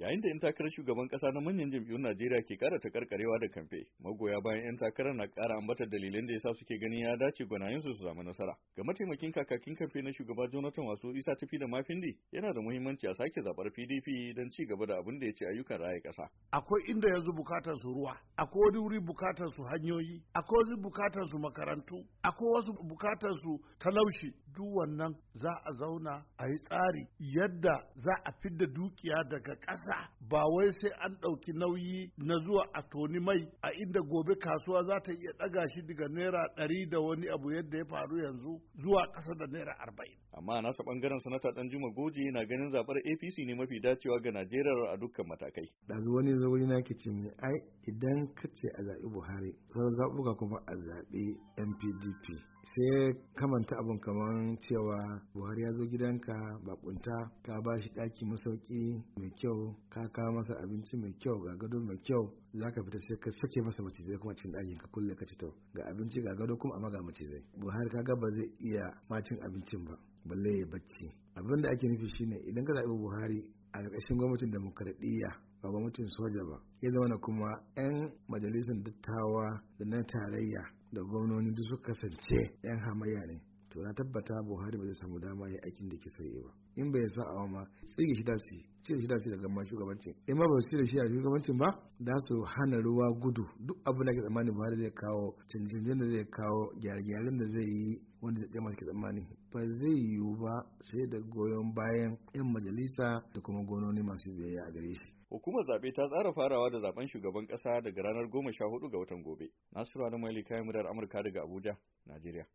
yayin da 'yan takarar shugaban kasa na manyan jam'iyyun Najeriya ke kara takarkarewa da kamfe magoya bayan 'yan takarar na kara ambatar dalilan da yasa suke ganin ya dace gwanayen su su samu nasara ga mataimakin kakakin kamfe na shugaba Jonathan Waso Isa Tafi da Mafindi yana da muhimmanci a sake zabar PDP don ci gaba da abin da ya ce ayyukan raye kasa akwai inda yanzu bukatar su ruwa akwai wani wuri bukatar su hanyoyi akwai wani bukatar su makarantu akwai wasu bukatar su talaushi duk wannan za a zauna a yi tsari yadda za a fidda dukiya daga ƙasa ba wai sai an ɗauki nauyi na zuwa a toni mai a inda gobe kasuwa za ta iya ɗaga shi daga naira ɗari da wani abu yadda ya faru yanzu zuwa ƙasa da naira arba'in. amma nasa ɓangaren sanata ɗan juma goje na ganin zaɓar apc ne mafi dacewa ga najeriya a dukkan matakai. ɗazu wani zauri na ke ce mai ai idan ka ce a zaɓi buhari zaɓuka kuma a zaɓi npdp sai kamanta abin kamar cewa buhari ya zo gidanka bakunta ka ba shi ɗaki masauki mai kyau ka kawo masa abinci mai kyau ga gado mai kyau za ka fita sai ka sake masa macizai kuma cikin ɗakin ka kulle ka to ga abinci ga gado kuma amma ga macizai buhari kaga ba zai iya macin abincin ba balle ya bacci abin da ake nufi shine idan ka zaɓi buhari a ƙarƙashin gwamnatin demokradiyya ba gwamnatin soja ba ya zama na kuma 'yan majalisar dattawa da na tarayya da gwamnoni duk suka kasance 'yan hamayya ne to na tabbata buhari ba zai samu dama ya aikin da ke so ba in bai sa a ma tsige shi da su shi da su daga ma shugabancin in ma ba su cire shi a shugabancin ba da su hana ruwa gudu duk abin da ke tsammanin buhari zai kawo canjin da zai kawo gyare-gyaren da zai yi wanda jama'a ke tsammani ba zai yiwu ba sai da goyon bayan 'yan majalisa da kuma gononi masu biyayya a gare shi hukumar zaɓe ta tsara farawa da zaben shugaban ƙasa daga ranar goma sha hudu ga watan gobe nasiru adamu ali kayan murar amurka daga abuja najeriya